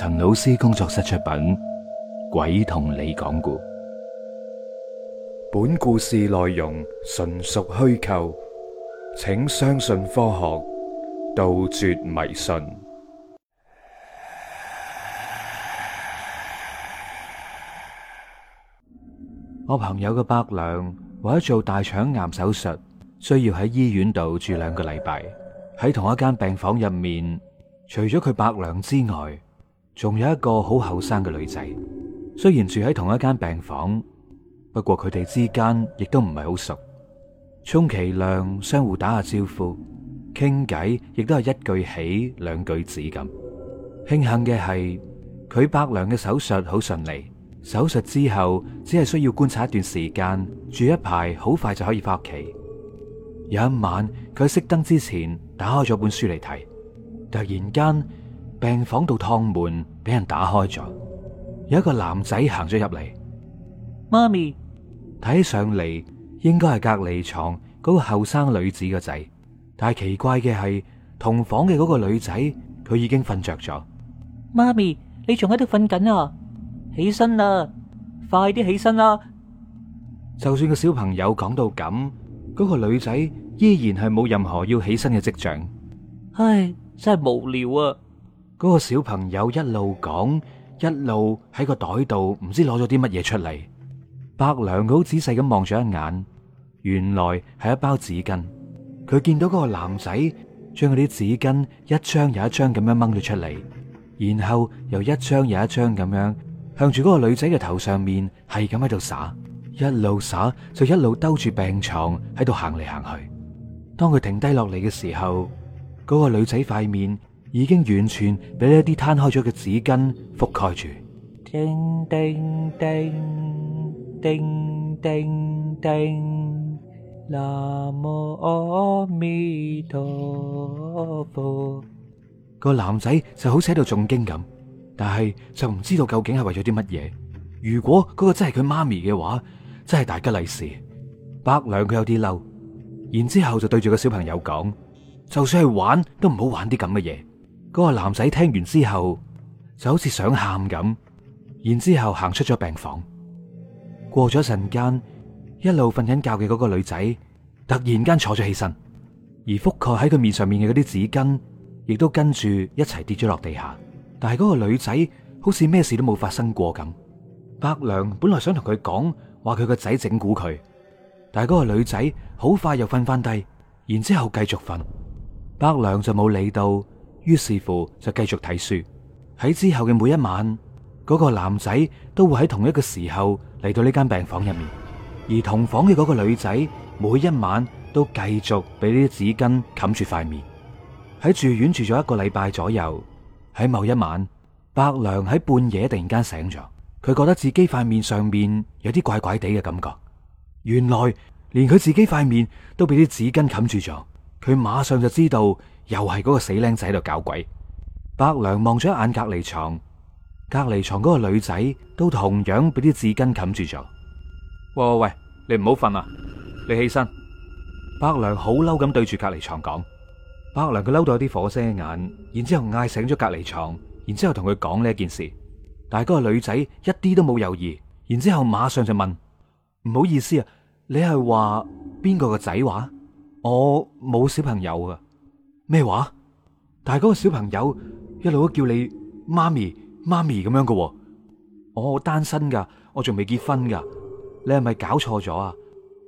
陳老師工作室出品《鬼同你講古》，本故事內容純屬虛構，請相信科學，杜絕迷信。 我朋友嘅伯娘為咗做大腸癌手術，需要喺醫院度住兩個禮拜，喺同一間病房入面，除咗佢伯娘之外，仲有一個好後生嘅女仔，雖然住喺同一間病房，不過佢哋之間亦都唔係好熟，充其量相互打下招呼、傾偈，亦都係一句起兩句止咁。慶幸嘅係，佢伯娘嘅手術好順利，手術之後只係需要觀察一段時間，住一排，好快就可以返屋企。有一晚，佢喺熄燈之前打開咗本書嚟睇，突然間。病房度趟門俾人打開咗，有一個男仔行咗入嚟。媽咪睇上嚟應該係隔離床嗰個後生女子嘅仔，但係奇怪嘅係同房嘅嗰個女仔佢已經瞓着咗。媽咪，你仲喺度瞓緊啊？起身啦，快啲起身啦！就算個小朋友講到咁，嗰個女仔依然係冇任何要起身嘅跡象。唉，真係無聊啊！嗰個小朋友一路講，一路喺個袋度唔知攞咗啲乜嘢出嚟。伯娘好仔細咁望咗一眼，原來係一包紙巾。佢見到嗰個男仔將嗰啲紙巾一張又一張咁樣掹咗出嚟，然後又一張又一張咁樣向住嗰個女仔嘅頭上面係咁喺度灑，一路灑就一路兜住病床喺度行嚟行去。當佢停低落嚟嘅時候，嗰、那個女仔塊面。已經完全俾呢一啲攤開咗嘅紙巾覆蓋住。叮叮叮叮叮叮，南無阿彌陀佛。個男仔就好似喺度誦經咁，但係就唔知道究竟係為咗啲乜嘢。如果嗰個真係佢媽咪嘅話，真係大吉利事。伯娘佢有啲嬲，然之後就對住個小朋友講：就算係玩，都唔好玩啲咁嘅嘢。嗰個男仔聽完之後就好似想喊咁，然之後行出咗病房。過咗一陣間，一路瞓緊覺嘅嗰個女仔突然間坐咗起身，而覆蓋喺佢面上面嘅嗰啲紙巾亦都跟住一齊跌咗落地下。但係嗰個女仔好似咩事都冇發生過咁。伯娘本來想同佢講話，佢個仔整蠱佢，但係嗰個女仔好快又瞓翻低，然之後繼續瞓。伯娘就冇理到。於是乎，就繼續睇書。喺之後嘅每一晚，嗰個男仔都會喺同一個時候嚟到呢間病房入面，而同房嘅嗰個女仔，每一晚都繼續俾呢啲紙巾冚住塊面。喺住院住咗一個禮拜左右，喺某一晚，伯娘喺半夜突然間醒咗，佢覺得自己塊面上面有啲怪怪地嘅感覺。原來連佢自己塊面都俾啲紙巾冚住咗，佢馬上就知道。又係嗰個死僆仔喺度搞鬼。白娘望咗眼隔離床，隔離床嗰個女仔都同樣俾啲紙巾冚住咗。喂喂喂，你唔好瞓啦，你起身。白娘好嬲咁對住隔離床講，白娘佢嬲到有啲火遮眼，然之後嗌醒咗隔離床，然之後同佢講呢一件事。但係嗰個女仔一啲都冇猶豫，然之後馬上就問：唔好意思啊，你係話邊個個仔話？我冇小朋友噶。咩話？但係嗰個小朋友一路都叫你媽咪媽咪咁樣噶。我好單身噶，我仲未結婚噶。你係咪搞錯咗啊？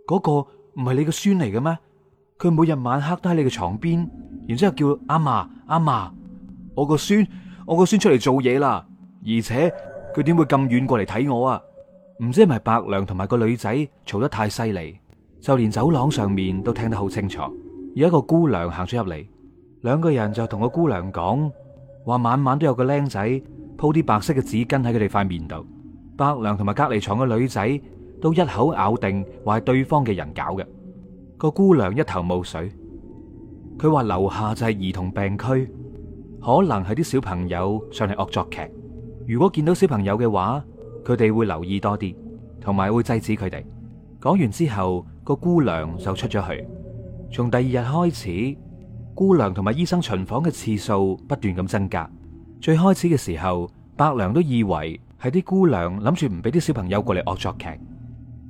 嗰個唔係你個孫嚟嘅咩？佢每日晚黑都喺你嘅床邊，然之後叫阿嫲阿嫲。我個孫，我個孫出嚟做嘢啦。而且佢點會咁遠過嚟睇我啊？唔知係咪伯娘同埋個女仔嘈得太犀利，就連走廊上面都聽得好清楚。有一個姑娘行咗入嚟。兩個人就同個姑娘講，話晚晚都有個僆仔鋪啲白色嘅紙巾喺佢哋塊面度。伯娘同埋隔籬床嘅女仔都一口咬定話係對方嘅人搞嘅。個姑娘一頭霧水，佢話樓下就係兒童病區，可能係啲小朋友上嚟惡作劇。如果見到小朋友嘅話，佢哋會留意多啲，同埋會制止佢哋。講完之後，個姑娘就出咗去。從第二日開始。姑娘同埋醫生巡房嘅次數不斷咁增加。最開始嘅時候，伯娘都以為係啲姑娘諗住唔俾啲小朋友過嚟惡作劇，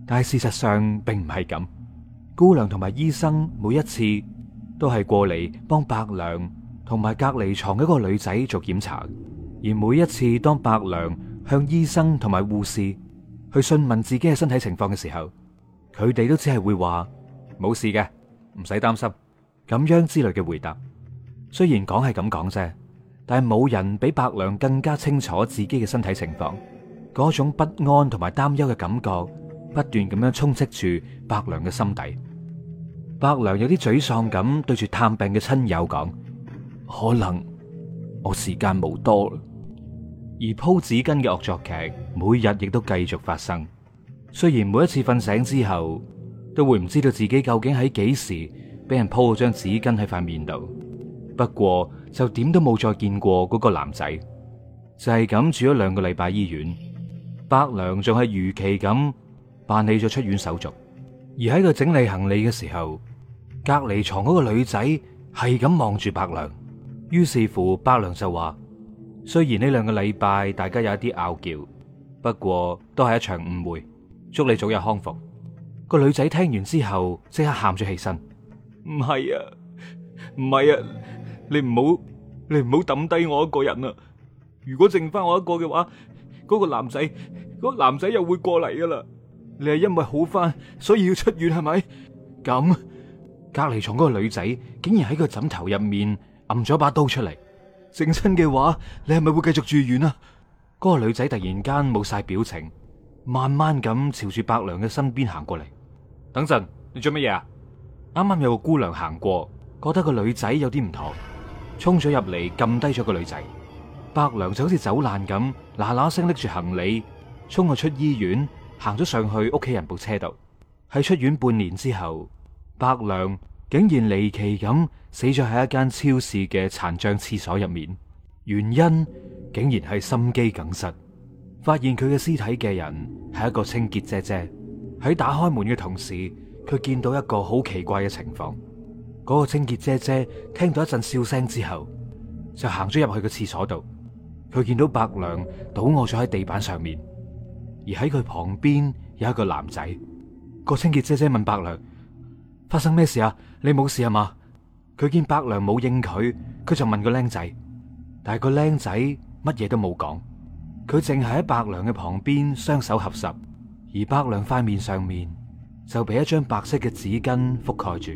但係事實上並唔係咁。姑娘同埋醫生每一次都係過嚟幫伯娘同埋隔籬床嘅一個女仔做檢查。而每一次當伯娘向醫生同埋護士去詢問自己嘅身體情況嘅時候，佢哋都只係會話冇事嘅，唔使擔心。咁樣之類嘅回答，雖然講係咁講啫，但係冇人比伯娘更加清楚自己嘅身體情況。嗰種不安同埋擔憂嘅感覺，不斷咁樣充斥住伯娘嘅心底。伯娘有啲沮喪咁對住探病嘅親友講：可能我時間冇多。而鋪紙巾嘅惡作劇，每日亦都繼續發生。雖然每一次瞓醒之後，都會唔知道自己究竟喺幾時。俾人鋪咗張紙巾喺塊面度，不過就點都冇再見過嗰個男仔，就係咁住咗兩個禮拜醫院。伯娘仲係如期咁辦理咗出院手續，而喺度整理行李嘅時候，隔籬床嗰個女仔係咁望住伯娘。於是乎，伯娘就話，雖然呢兩個禮拜大家有一啲拗撬，不過都係一場誤會。祝你早日康復。個女仔聽完之後，即刻喊咗起身。唔係啊，唔係啊，你唔好你唔好抌低我一個人啊！如果剩翻我一個嘅話，嗰個男仔，嗰個男仔又會過嚟噶啦！你係因為好翻，所以要出院係咪？咁隔籬床嗰個女仔，竟然喺個枕頭入面揞咗一把刀出嚟。剩親嘅話，你係咪會繼續住院啊？嗰個女仔突然間冇晒表情，慢慢咁朝住伯娘嘅身邊行過嚟。等陣，你做乜嘢啊？啱啱有個姑娘行過，覺得個女仔有啲唔妥，衝咗入嚟撳低咗個女仔，伯娘就好似走難咁，嗱嗱聲拎住行李衝我出醫院，行咗上去屋企人部車度。喺出院半年之後，伯娘竟然離奇咁死咗喺一間超市嘅殘障廁所入面，原因竟然係心肌梗塞。發現佢嘅屍體嘅人係一個清潔姐姐，喺打開門嘅同時。佢見到一個好奇怪嘅情況，嗰個清潔姐姐聽到一陣笑聲之後，就行咗入去個廁所度。佢見到伯娘倒臥咗喺地板上面，而喺佢旁邊有一個男仔。個清潔姐姐問伯娘：發生咩事啊？你冇事啊嘛？佢見伯娘冇應佢，佢就問個靚仔，但係個靚仔乜嘢都冇講，佢淨係喺伯娘嘅旁邊雙手合十，而伯娘塊面上面。就俾一張白色嘅紙巾覆蓋住。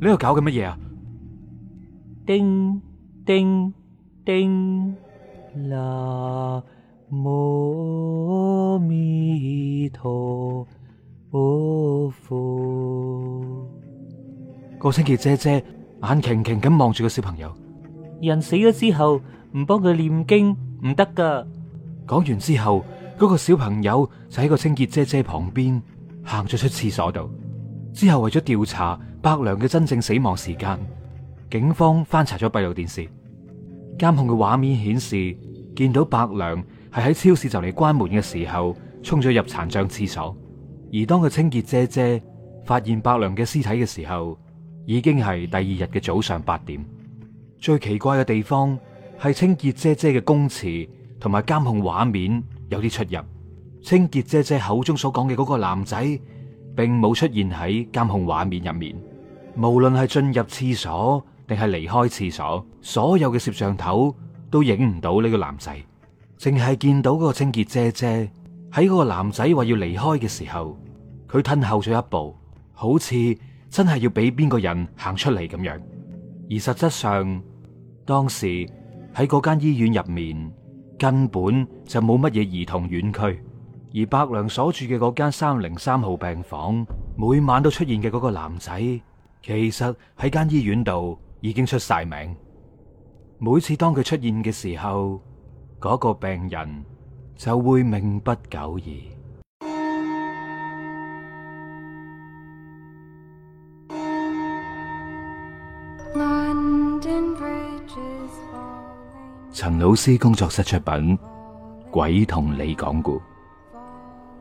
你喺度搞緊乜嘢啊？叮叮叮，南無阿彌陀佛。個清潔姐姐眼擎擎咁望住個小朋友。人死咗之後唔幫佢念經唔得噶。講完之後，嗰個小朋友就喺個清潔姐姐旁邊。行咗出廁所度，之後為咗調查白娘嘅真正死亡時間，警方翻查咗閉路電視監控嘅畫面顯示，顯示見到白娘係喺超市就嚟關門嘅時候衝咗入殘障廁所，而當佢清潔姐姐發現白娘嘅屍體嘅時候，已經係第二日嘅早上八點。最奇怪嘅地方係清潔姐姐嘅供詞同埋監控畫面有啲出入。清潔姐姐口中所講嘅嗰個男仔，並冇出現喺監控畫面入面。無論係進入廁所定係離開廁所，所有嘅攝像頭都影唔到呢個男仔，淨係見到嗰個清潔姐姐喺嗰個男仔話要離開嘅時候，佢吞後咗一步，好似真係要俾邊個人行出嚟咁樣。而實質上，當時喺嗰間醫院入面根本就冇乜嘢兒童院區。而白良所住嘅嗰間三零三號病房，每晚都出現嘅嗰個男仔，其實喺間醫院度已經出晒名。每次當佢出現嘅時候，嗰個病人就會命不久矣。陳老師工作室出品，《鬼同你講古》。